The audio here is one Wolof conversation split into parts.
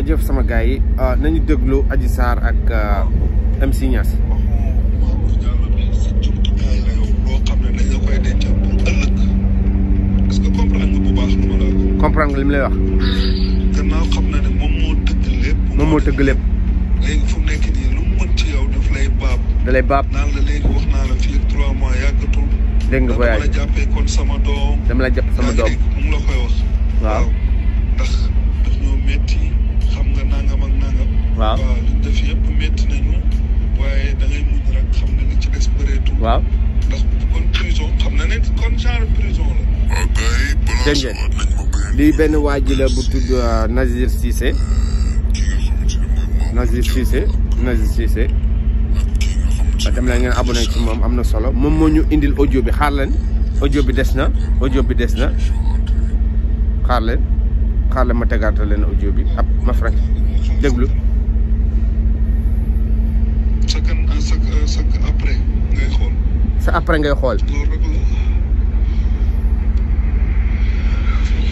jëf sama gars yi euh, nañu déglu Adji saar ak euh, MC Niass comprendre nga li mu lay wax. gannaaw xam na ne moom moo tëgg lépp. moom moo tëgg lépp. léegi fu mu nekk nii lu mu mën ci lay baab. da baab naan la léegi wax naa la fii trois mois yàggatul. dégg nga ko sama doom. dama la jàpp sama doom koy wax. waaw ndax daf ñoo waaw waaw liñ def yëpp li na ne kon benn waa bu tudd euh, Nazir Cissé Nazir Cissé Nazir Cissé dem leen ngeen abonné ci moom am na solo moom moo ñu indil audio bi xaar leen audio bi des na audio bi des na xaar leen xaar leen ma tegaatal leen audio bi ab ma frank déglu sa après ngay xol sa après ngay xol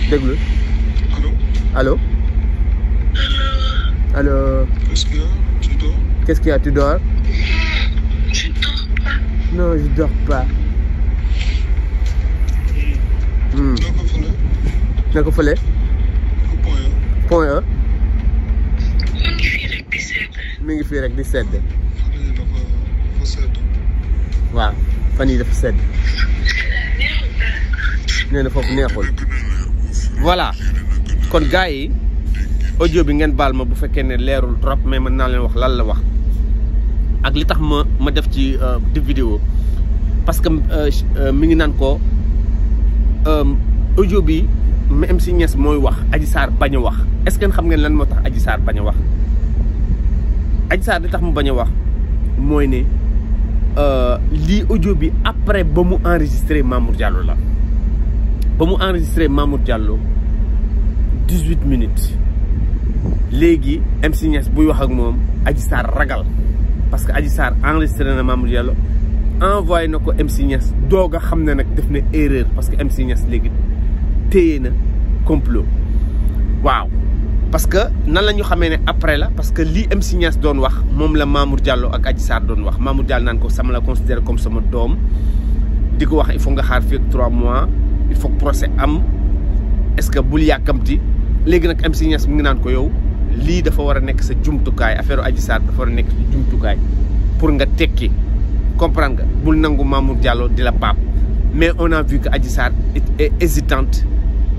déglu allo allo. allo. qu'est-ce qu'il y a tu dors. qu'est-ce qu'il y a tu dors. je dors pas. non je dors pas. Hmm. naka fële. naka fële. point 1. point 1. mi ngi fii rek di sedd. mi ngi fi rek di sedd. waaw fan yii dafa sedd nee na foofu neexul voilà kon gars yi audio bi ngeen baal ma bu fekkee ne leerul trop mais mën naa leen wax lan la wax ak li tax ma ma def ci euh, di vidéo parce que euh, euh, mi ngi naan ko audio bi MC Niass mooy wax aji Sarr bañ a wax est-ce que xam ngeen lan moo tax Adji Sarr bañ a wax Adji Sarr li tax mu bañ a wax mooy ne Euh, L'audio, audio bi après ba enregistré Mamour Diallo la ba enregistré Mamour Diallo 18 minutes légui MC Niass bu wax ak mom Adji ragal parce que Adji sar enregistré na Mamour Diallo envoyé na ko MC Niass doga xamné nak erreur parce que MC Niass légui téye complot Waouh! parce que nan lañu xamé né après la parce que li MC Niass doon wax mom la Mamour Diallo ak Adji Sarr doon wax Mamour Diallo naan ko sama la considérer comme sama dom diko wax il faut nga xaar fi 3 mois il faut que procès am est-ce que bul yakamti légui nak MC Niass mu ngi naan ko yow li dafa wara nek sa sa kay affaire Adji Sarr dafa wara nek nekk sa kay pour nga tekki comprendre nga bul nangu Mamour Diallo di la paap mais on a vu que Adji Sarr est hésitante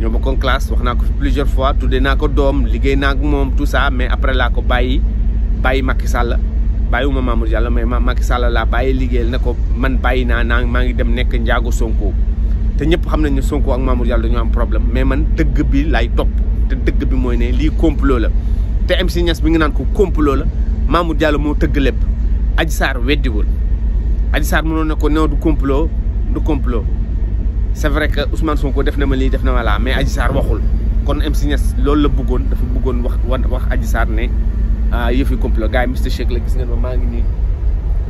ñoo bokkoon classe wax naa ko plusieurs fois tuddee naa ko doom liggéey naa ak moom tout ça mais après laa ko bàyyi bàyyi Macky Sall bàyyiwuma Mamour Diallo mais ma Macky Sall laa bàyyi liggéeyal na ko man bàyyi naa naa maa ngi dem nekk njaago Sonko te ñëpp xam nañ ne Sonko ak Mamour Diallo dañoo am problème mais man dëgg bi laay topp te dëgg bi mooy ne lii complot la te MC Niass bi nga naan ko complot la Mamour Diallo moo tëgg lépp Adji Sarr weddiwul Adji Sarr mënoon na ko non du complot du complot c'est vrai que Ousmane Sonko def na ma li def na ma la mais Adji Sarr waxul kon MC Niass loolu la bëggoon dafa bëggoon wax wax Adji Sarr ne ah, yëfi complot gars Mr Mister la gis ngeen ma maa ngi nii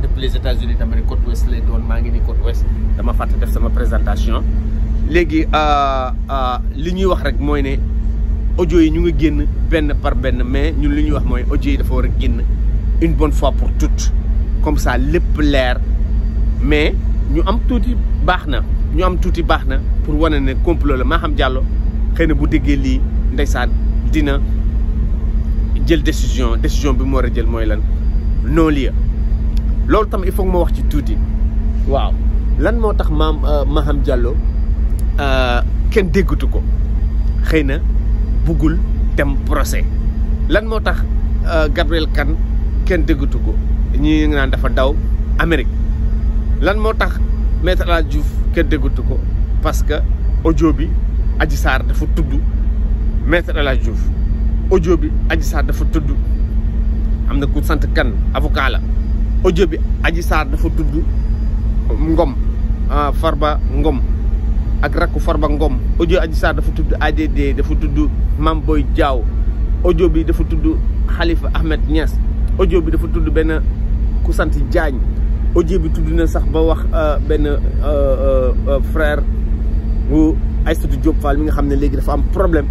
depuis les États-Unis dama ne côte ouest lay doon maa ngi nii côte ouest dama fàtte def sama présentation léegi ah, ah, li ñuy wax rek mooy ne audio yi ñu ngi génn benn par benn mais ñun li ñuy wax mooy audio yi dafa war a génn une bonne fois pour toutes comme ça lépp leer mais ñu am tuuti baax na ñu am tuuti baax na pour wane ne complot la xam jàlloo xëy na bu déggee lii ndeysaan dina jël décision décision bi mu war a jël mooy lan non lieu loolu tam il faut ma wax ci tuuti waaw lan moo tax maam euh, Maham Diallo euh, kenn déggatu ko xëy na buggul dem procès lan moo tax euh, Gabriel kan kenn déggatu ko ñi ngi naan dafa daw Amérique lan moo tax maître El Hadj kenn déggutu ko parce que audio bi Adji Sarr dafa tudd maître El Hadj audio bi aji Sarr dafa tudd am na ku sant kan avocat la audio bi aji Sarr dafa tudd Ngom ah, Farba Ngom ak rakku ba Ngom audio Adji Sarr dafa tudd ADD dafa tudd Mame Boye Diao audio bi dafa tudd xalifa Ahmed Niass audio bi dafa tudd benn ku sant Diagne ojo bi tudd na sax ba wax euh, benn euh, euh, frère bu Aïssatou Diop Fall mi nga xam ne léegi dafa am problème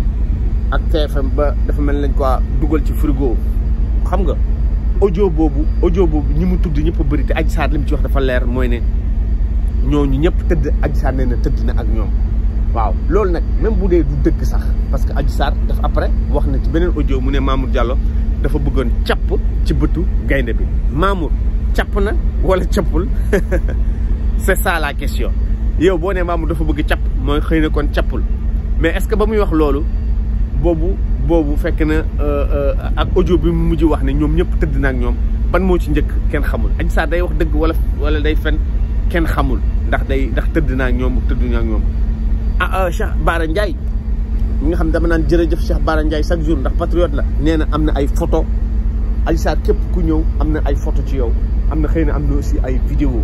ak TFM ba dafa mel lañ quoi dugal ci frigo xam nga audio boobu audio boobu ñi mu tudd ñëpp a bëri te Adji li mu ci wax dafa leer mooy ne ñooñu ñëpp tëdd Adji Sarr na tëdd na ak ñoom waaw loolu nag même bu dee du dëkk sax parce que Adji Sarr dafa après wax na ci beneen ojo mu ne Mamour Diallo dafa bëggoon capp ci bëtu gaynde bi Mamour capp na wala cappul c'est ça la question yow boo nee Mamour dafa bëgg capp mooy xëy na kon cappul mais est-ce que ba muy wax loolu boobu boobu fekk na euh, euh, ak audio bi mu mujj wax ne ñoom ñëpp tëdd na ak ñoom ban moo ci njëkk kenn xamul Adji Sarr day wax dëgg wala wala day fen kenn xamul ndax day ndax tëdd naa ak ñoom tëdd naa ñoom ah euh, Cheikh Bara Ndiaye nga xam dama naan jërëjëf Cheikh Bara Ndiaye chaque jour ndax patriote la nee na am na ay photo Adji Sarr képp ku ñëw am na ay photo ci yow am xeyna i am na aussi ay vidéo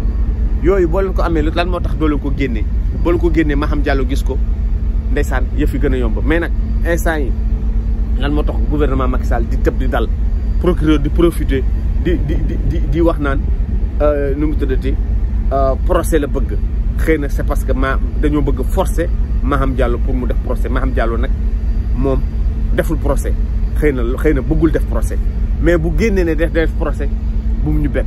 yoy bo len ko amee lan motax do doo ko génnee bo leen ko ma xam Diallo gis ko ndaysane yëf yi yomb mais nak instant yi lan motax gouvernement Macky Sall di tëb di dal procureur di profiter di di di di wax euh nu mu tuddati euh, procès la bëgg xeyna c'est parce que ma dañu bëgg forcer xam Diallo pour mu def procès xam Diallo nak mom deful procès xeyna xeyna bëggul def procès mais bu génnee ne def def procès bu ñu bëtt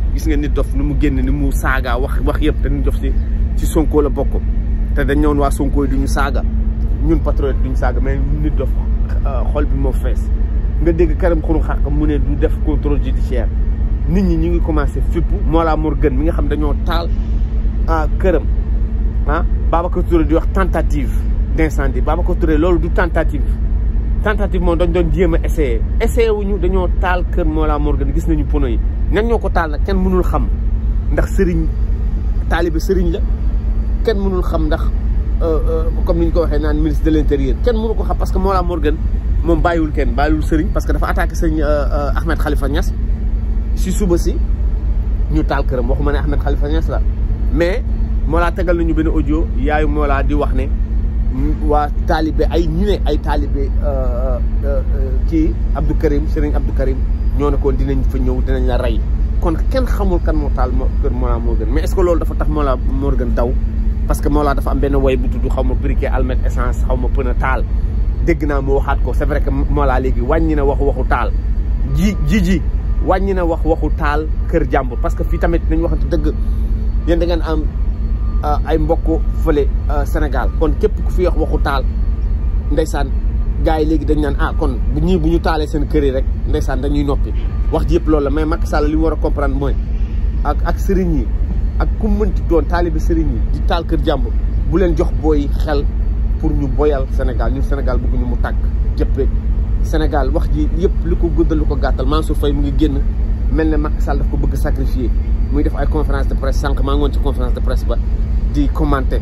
gis nga nit dof nu mu génn ni mu saaga wax wax yëpp te nit dof si ci Sonko la bokk te dañ ñoon waa Sonko yi duñu saaga ñun patriote duñu saaga mais nit dof euh, xol bi moo fees nga dégg karam Xrum Xax mu ne du def contrôle judiciaire nit ñi ñu ngi commencé fippu Mollah Morgun mi nga xam dañoo taal euh, këram ah Babacar Touré di wax tentative d' incendie Babacar Touré loolu du tentative tentative moom dañ doon jéem a essayé essayé wuñu dañoo taal kër Mollah Morgun gis nañu pono yi ñan ñoo ko taal nag kenn mënul xam ndax sëriñ taalibe sëriñ la kenn mënul xam ndax euh, euh, comme ni ñu ko waxee naan ministre de l' intérieur kenn mënu ko xam parce que Mollah Morgun moom bàyyiwul kenn bàyyiwul sëriñ parce que dafa attaqué sëriñ euh, Ahmed Khalifa Niass si suba si ñu taal këram waxuma ne Ahmed Khalifa ñas la mais laa tegal nañu benn audio yaayu moo laa di wax ne waa taalibe ay ñu ne ay taalibe ci Abdou Karim Serigne Abdou Karim ñoo ne dinañ fa ñew dinañ la ray kon ken xamul kan moo taal kër mo gën mais est ce que loolu dafa tax mo gën daw parce que Mollah dafa am ben way bu tuddu xawma briquet almet essence xawma pneu tal degg na mo waxat ko c'est vrai que Mollah léegi wañi na wax waxu tal ji ji ji na wax waxu tal keur jambour parce que fi tamit nañ waxante deug yeen da ngeen am euh, ay mbokk Senegal euh, Sénégal kon képp ku fi wax waxu tal gaay legui dañ nan ah kon bu ñii bu ñu taalee seen kër yi rek ndéssan dañuy noppi wax ji yëpp loolu la mais Macky Sall li wara comprendre moy ak ak sëriñ yi ak ku mënti doon taalibi sëriñ yi di tal kër jamm bu len jox boy xel pour ñu boyal Sénégal ñu Sénégal ñu mu tàkk jëppee Sénégal wax ji yëpp lu ko guddal lu ko gàttal Mansour Faye mu ngi génn melni ne Macky Sall daf ko bëgg sacrifier muy def ay conférence de presse sank ma ngi woon ci conférence de presse ba di commenter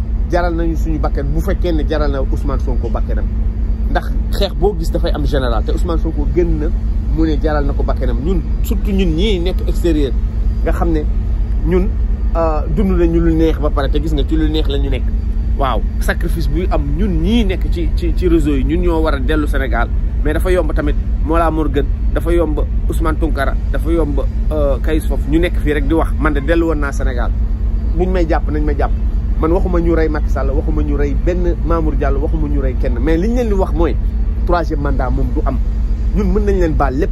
jaral nañu suñu bakkan bu fekke ne jaral na Ousmane Sonko bakkanam ndax xex bo gis da fay am général té Ousmane Sonko genn na mu ne jaral nako ko bakkanam ñun surtout ñun ñi nek extérieur nga xamné ñun euh dund nañu lu neex ba paré té gis nga ci lu neex lañu nek waaw sacrifice bu am ñun ñi nek ci ci ci réseau yi ñun ñoo wara a Sénégal mais dafa yomb tamit Mollah Morgun dafa yomb Ousmane Tounkara dafa yomb euh Kayz Fof ñu nek fi rek di wax man de dellu won na Sénégal buñ may japp nañ may japp man waxuma ñu rey Macky Sall waxuma ñu rey benn Mamour Diallo waxuma ñu rey kenn mais liñ leen di wax mooy troisième mandat moom du am ñun mën nañ leen baal lépp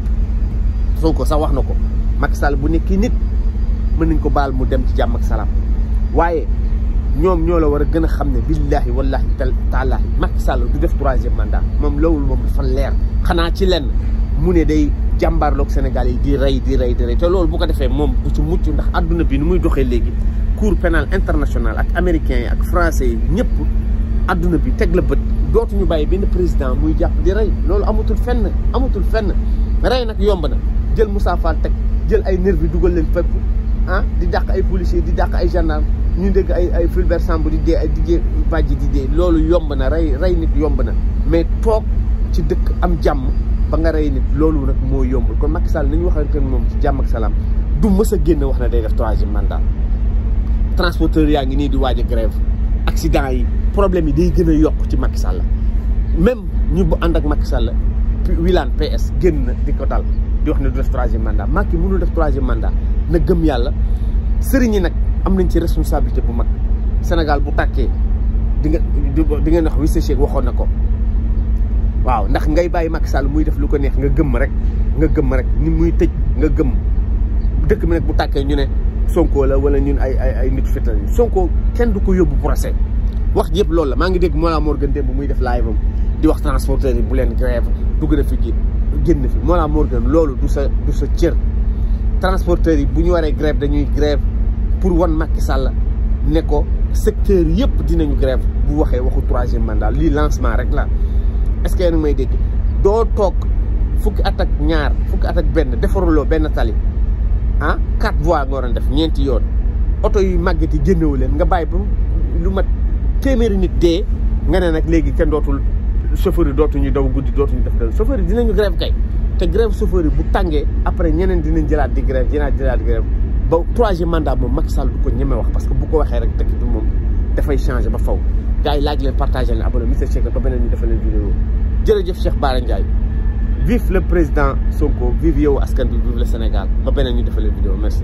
ko sax wax na ko Macky sàll bu nekki nit mën nañ ko baal mu dem ci jàmmak ak waaye ñoom ñoo la war a gën a xam ne billaahi wallaahi taalaahi Macky Sall du def troisième mandat moom lawul moom dafa leer xanaa ci lenn mu ne day jàmbaarloog Sénégal yi di rey di rey di te loolu bu ko defee moom du ci mucc ndax àdduna bi nu muy doxee léegi cour pénal international ak américains yi ak français yi ñëpp àdduna bi teg la bët dootuñu bàyyi benn président muy jàpp di rey loolu amatul fenn amatul fenn rey nag yomb na jël Moussa Fall teg jël ay nervi dugal leen fépp ah di dàq ay policiers di dàq ay gendarme ñu dégg ay ay Fulbert Sambou di dee ay Didier Badji di dee loolu yomb na rey rey nit yomb na mais toog ci dëkk am jàmm ba nga rey nit loolu nag moo yombul kon Macky Sall nañu waxante moom ci jàmm ak salaam du mës a génn wax na day def troisième transporteur yang ini di waaj grève accident yi problème yi day gëna yok ci Macky Sall même ñu bu ak Macky Sall Wilane PS génn di ko dal di wax ne du def 3e mandat Macky mënu def 3e mandat na gëm Yalla sëriñ yi nak am nañ ci responsabilité bu mag Sénégal bu takké di nga di nga wax Mister Shake waxon nako waaw ndax ngay bàyyi Macky Sall muy def lu ko neex nga gëm rek nga gëm rek ni muy tejj nga gëm dëkk mi nak bu takké ñu Sonko la wala ñun ay ay ay nit fital yi Sonko kenn du ko yóbbu procès wax yëpp loolu la maa ngi dégg Mollah Morgun démb muy def live am di wax transporteur bu leen grève dugg fi gi génn fi Mollah Morgun loolu du sa du sa cër transporteur yi bu ñu waree grève dañuy grève pour wan Macky Sall ne ko secteur yëpp dinañu grève bu waxee waxu troisième mandat lii lancement rek la est-ce que yéen may dégg doo toog fukki at ak ñaar fukki at ak benn defaruloo benn tali ah quatre voies nga waroon def ñeenti yoon oto yu màgget yi génnewu leen nga bàyyi ba lu mat téeméeri nit dee nga ne nag léegi kenn dootul chauffeur yi dootuñu daw guddi dootuñu def dal chauffeur yi dinañu grève kay te grève chauffeur bu tàngee après ñeneen dinañ jëlaat di grève dinañ jëlaat di grève ba troisième mandat moom Macky Sall du ko ñeme wax parce que bu ko waxee rek dëkk bi moom dafay changé ba faw gars yi laaj leen partagé leen abonné Mister Shake ba beneen ñu defal leen vidéo jërëjëf Cheikh vive le président Sonko vive yow askan bi vive le Sénégal ba beneen ñu defalee vidéo merci